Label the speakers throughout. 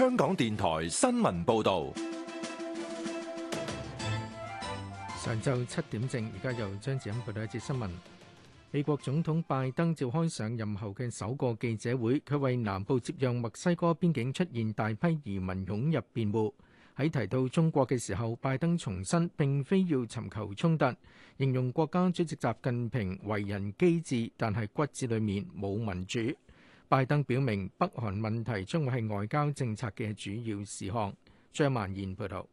Speaker 1: 香港電台新聞報道，上晝七點正，而家由張子欣報道一節新聞。美國總統拜登召開上任後嘅首個記者會，佢為南部接壤墨西哥邊境出現大批移民湧入辯護。喺提到中國嘅時候，拜登重申，並非要尋求衝突，形容國家主席習近平為人機智，但係骨子裏面冇民主。拜登表明，北韓問題將會係外交政策嘅主要事項。張曼燕報導。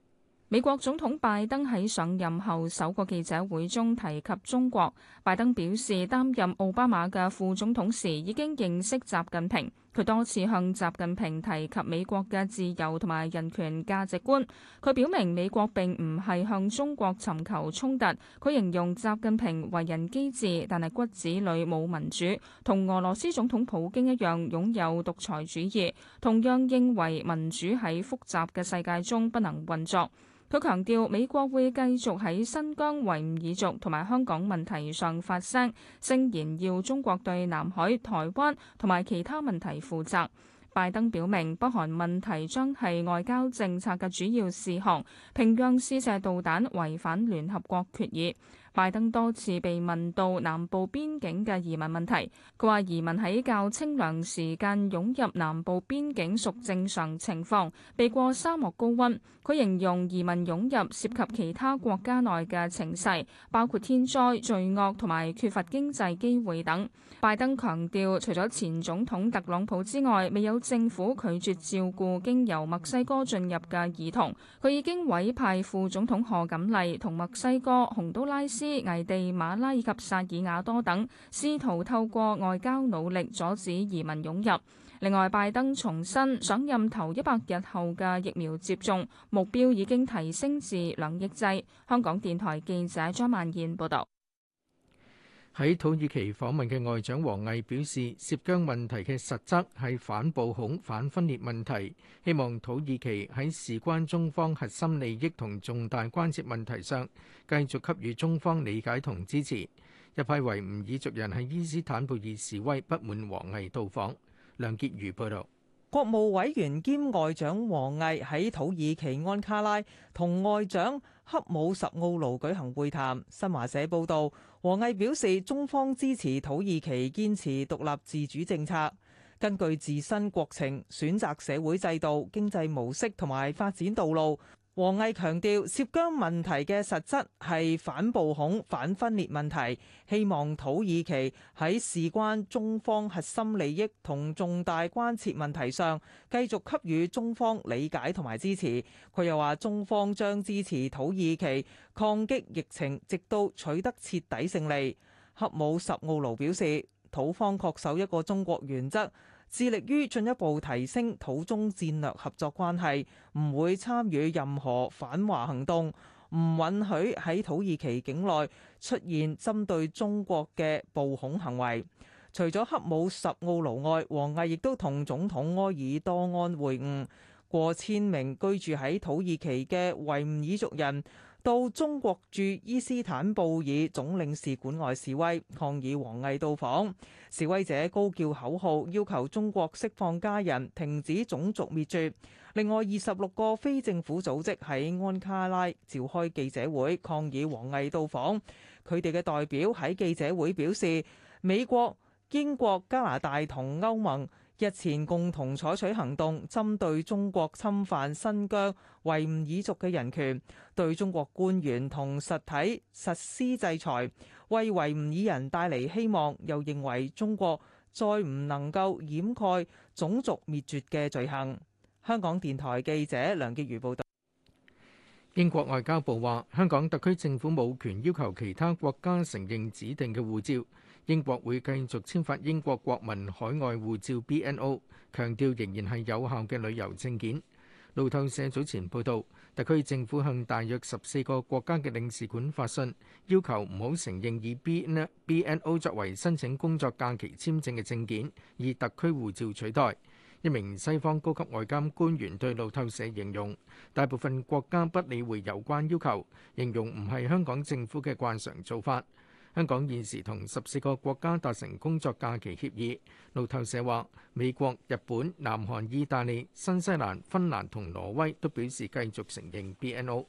Speaker 2: 美國總統拜登喺上任後首個記者會中提及中國，拜登表示，擔任奧巴馬嘅副總統時已經認識習近平。佢多次向習近平提及美國嘅自由同埋人權價值觀。佢表明美國並唔係向中國尋求衝突。佢形容習近平為人機智，但係骨子裡冇民主，同俄羅斯總統普京一樣擁有獨裁主義，同樣認為民主喺複雜嘅世界中不能運作。佢強調美國會繼續喺新疆維吾爾族同埋香港問題上發聲，聲言要中國對南海、台灣同埋其他問題負責。拜登表明，北韓問題將係外交政策嘅主要事項，平壤試射導彈違反聯合國決議。拜登多次被問到南部邊境嘅移民問題，佢話移民喺較清涼時間湧入南部邊境屬正常情況，避過沙漠高溫。佢形容移民湧入涉及其他國家內嘅情勢，包括天災、罪惡同埋缺乏經濟機會等。拜登強調，除咗前總統特朗普之外，未有政府拒絕照顧經由墨西哥進入嘅兒童。佢已經委派副總統賀錦麗同墨西哥洪都拉斯。危地馬拉以及薩爾瓦多等，試圖透過外交努力阻止移民湧入。另外，拜登重申上任頭一百日後嘅疫苗接種目標已經提升至兩億劑。香港電台記者張曼燕報道。
Speaker 1: 喺土耳其訪問嘅外長王毅表示，涉疆問題嘅實質係反暴恐、反分裂問題。希望土耳其喺事關中方核心利益同重大關切問題上，繼續給予中方理解同支持。一批維吾爾族人喺伊斯坦布爾示威，不滿王毅到訪。梁潔如報導。
Speaker 3: 國務委員兼外長王毅喺土耳其安卡拉同外長克武什奧盧舉行會談。新華社報導，王毅表示，中方支持土耳其堅持獨立自主政策，根據自身國情選擇社會制度、經濟模式同埋發展道路。王毅強調，涉疆問題嘅實質係反暴恐、反分裂問題，希望土耳其喺事關中方核心利益同重大關切問題上，繼續給予中方理解同埋支持。佢又話，中方將支持土耳其抗擊疫情，直到取得徹底勝利。克武什奧盧表示。土方恪守一個中國原則，致力於進一步提升土中戰略合作關係，唔會參與任何反華行動，唔允許喺土耳其境內出現針對中國嘅暴恐行為。除咗黑姆十奧盧外，王毅亦都同總統埃爾多安會晤。過千名居住喺土耳其嘅維吾爾族人，到中國駐伊斯坦布爾總領事館外示威，抗議王毅到訪。示威者高叫口號，要求中國釋放家人，停止種族滅絕。另外，二十六個非政府組織喺安卡拉召開記者會，抗議王毅到訪。佢哋嘅代表喺記者會表示，美國、英國、加拿大同歐盟。日前共同採取行動，針對中國侵犯新疆維吾爾族嘅人權，對中國官員同實體實施制裁，為維吾爾人帶嚟希望，又認為中國再唔能夠掩蓋種族滅絕嘅罪行。香港電台記者梁
Speaker 1: 潔如報道：英國外交部話：香港特區政府冇權要求其他國家承認指定嘅護照。英國會繼續簽發英國國民海外護照 BNO，強調仍然係有效嘅旅遊證件。路透社早前報道，特區政府向大約十四個國家嘅領事館發信，要求唔好承認以 BNO 作為申請工作假期簽證嘅證件，以特區護照取代。一名西方高級外監官員對路透社形容，大部分國家不理會有關要求，形容唔係香港政府嘅慣常做法。香港現時同十四個國家達成工作假期協議。路透社話，美國、日本、南韓、意大利、新西蘭、芬蘭同挪威都表示繼續承認 BNO。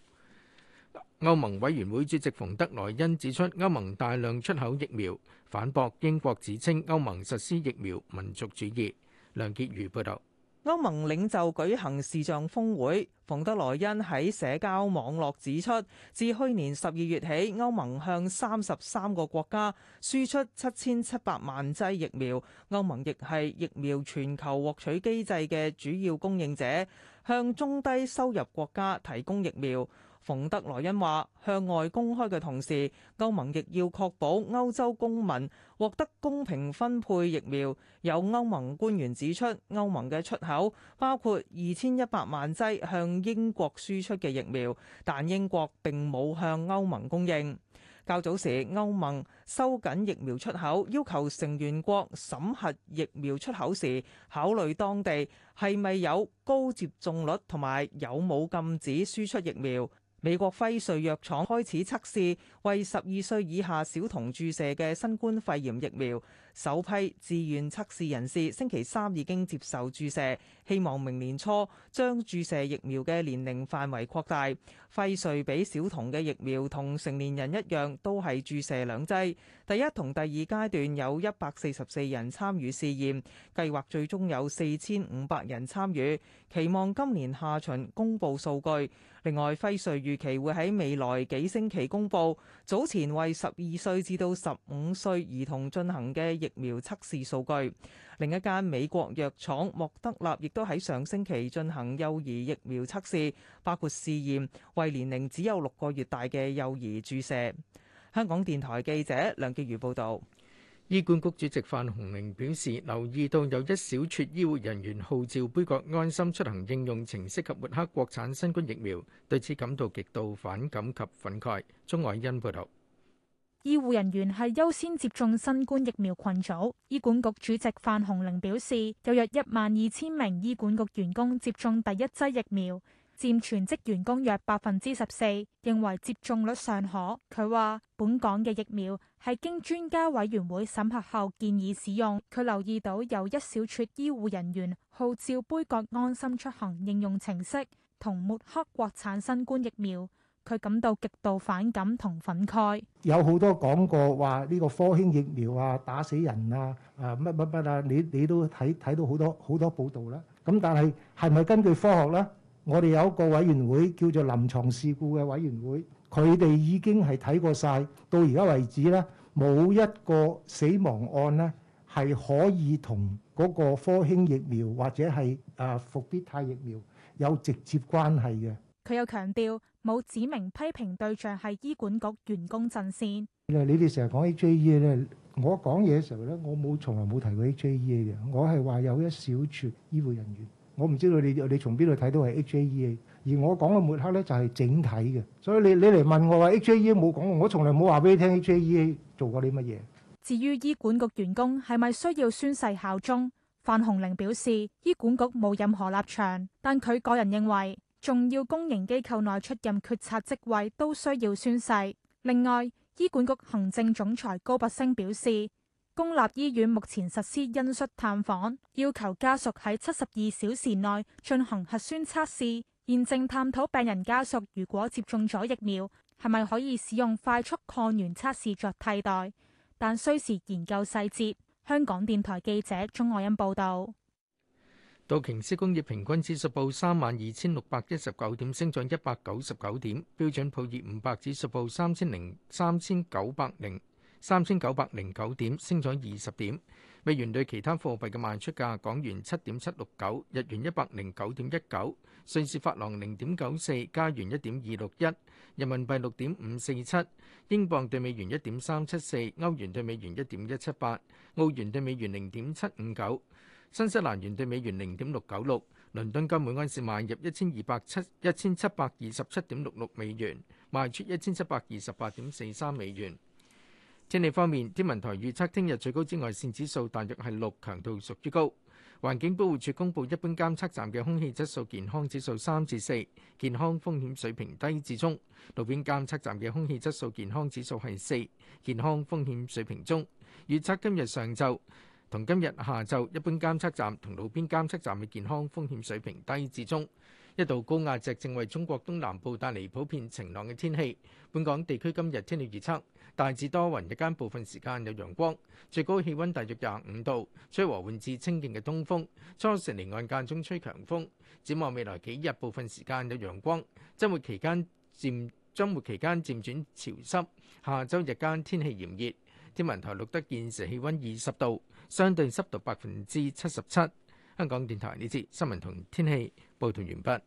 Speaker 1: 歐盟委員會主席馮德萊恩指出，歐盟大量出口疫苗，反駁英國指稱歐盟實施疫苗民族主義。梁潔如報導。歐盟領袖
Speaker 3: 舉行視像峰會，馮德萊恩喺社交網絡指出，自去年十二月起，歐盟向三十三個國家輸出七千七百萬劑疫苗，歐盟亦係疫苗全球獲取機制嘅主要供應者，向中低收入國家提供疫苗。馮德萊恩話，向外公開嘅同時，歐盟亦要確保歐洲公民獲得公平分配疫苗。有歐盟官員指出，歐盟嘅出口包括二千一百萬劑向英國輸出嘅疫苗，但英國並冇向歐盟供應。較早時，歐盟收緊疫苗出口，要求成員國審核疫苗出口時考慮當地係咪有高接種率同埋有冇禁止輸出疫苗。美國輝瑞藥廠開始測試為十二歲以下小童注射嘅新冠肺炎疫苗。首批自願測試人士星期三已經接受注射，希望明年初將注射疫苗嘅年齡範圍擴大。輝瑞俾小童嘅疫苗同成年人一樣，都係注射兩劑。第一同第二階段有一百四十四人參與試驗，計劃最終有四千五百人參與，期望今年下旬公佈數據。另外，輝瑞預期會喺未來幾星期公佈，早前為十二歲至到十五歲兒童進行嘅疫苗。疫苗測試數據，另一間美國藥廠莫德納亦都喺上星期進行幼兒疫苗測試，包括試驗為年齡只有六個月大嘅幼兒注射。香
Speaker 1: 港電台記者梁潔如報導。醫管局主席范鴻齡表示，留意到有一小撮醫護人員號召杯葛安心出行應用程式及抹黑國產新冠疫苗，對此感到極度反感及憤慨。鐘偉欣報導。
Speaker 4: 醫護人員係優先接種新冠疫苗群組。醫管局主席范鴻齡表示，有約一萬二千名醫管局員工接種第一劑疫苗，占全職員工約百分之十四，認為接種率尚可。佢話本港嘅疫苗係經專家委員會審核後建議使用。佢留意到有一小撮醫護人員號召杯葛安心出行應用程式同抹黑國產新冠疫苗。佢感到極度反感同憤慨，
Speaker 1: 有好多講過話呢個科興疫苗啊，打死人啊，啊乜乜乜啊，你你都睇睇到好多好多報道啦。咁但係係咪根據科學咧？我哋有一個委員會叫做臨牀事故嘅委員會，佢哋已經係睇過曬，到而家為止咧，冇一個死亡案咧係可以同嗰個科興疫苗或者係啊復必泰疫苗有直接關係嘅。
Speaker 4: 佢又強調。冇指明批評對象係醫管局員工陣線。
Speaker 1: 你你哋成日講 HJE 咧，我講嘢嘅時候咧，我冇從來冇提過 HJE 嘅，我係話有一小撮醫護人員。我唔知道你你從邊度睇到係 HJE，而我講嘅抹黑咧就係整體嘅。所以你你嚟問我話 HJE 冇講，我從來冇話俾你聽 HJE 做過啲乜嘢。
Speaker 4: 至於醫管局員工係咪需要宣誓效忠，范鴻齡表示醫管局冇任何立場，但佢個人認為。重要公營機構內出任決策職位都需要宣誓。另外，醫管局行政總裁高拔陞表示，公立醫院目前實施恩恤探訪，要求家屬喺七十二小時內進行核酸測試。現正探討病人家屬如果接種咗疫苗，係咪可以使用快速抗原測試作替代，但需時研究細節。香港電台記者鍾愛欣報道。
Speaker 1: 道瓊斯工業平均指數報三萬二千六百一十九點，升咗一百九十九點；標準普爾五百指數報三千零三千九百零三千九百零九點，升咗二十點。美元對其他貨幣嘅賣出價：港元七點七六九，日元一百零九點一九，瑞士法郎零點九四，加元一點二六一，人民幣六點五四七，英鎊對美元一點三七四，歐元對美元一點一七八，澳元對美元零點七五九。新西蘭元對美元零點六九六，倫敦金每盎司買入一千二百七一千七百二十七點六六美元，賣出一千七百二十八點四三美元。天氣方面，天文台預測聽日最高紫外線指數大約係六，強度屬於高。環境保護署公布一般監測站嘅空氣質素健康指數三至四，健康風險水平低至中。路邊監測站嘅空氣質素健康指數係四，健康風險水平中。預測今日上晝，同今日下晝一般監測站同路邊監測站嘅健康風險水平低至中。一道高壓脊正為中國東南部帶嚟普遍晴朗嘅天氣。本港地區今日天氣預測大致多雲，日間部分時間有陽光，最高氣溫大約廿五度，吹和緩至清勁嘅東風。初晨離岸間中吹強風。展望未來幾日，部分時間有陽光，週末期間漸週末期間漸轉潮濕。下週日間天氣炎熱。天文台錄得現時氣溫二十度。相對濕度百分之七十七。香港電台呢節新聞同天氣報道完畢。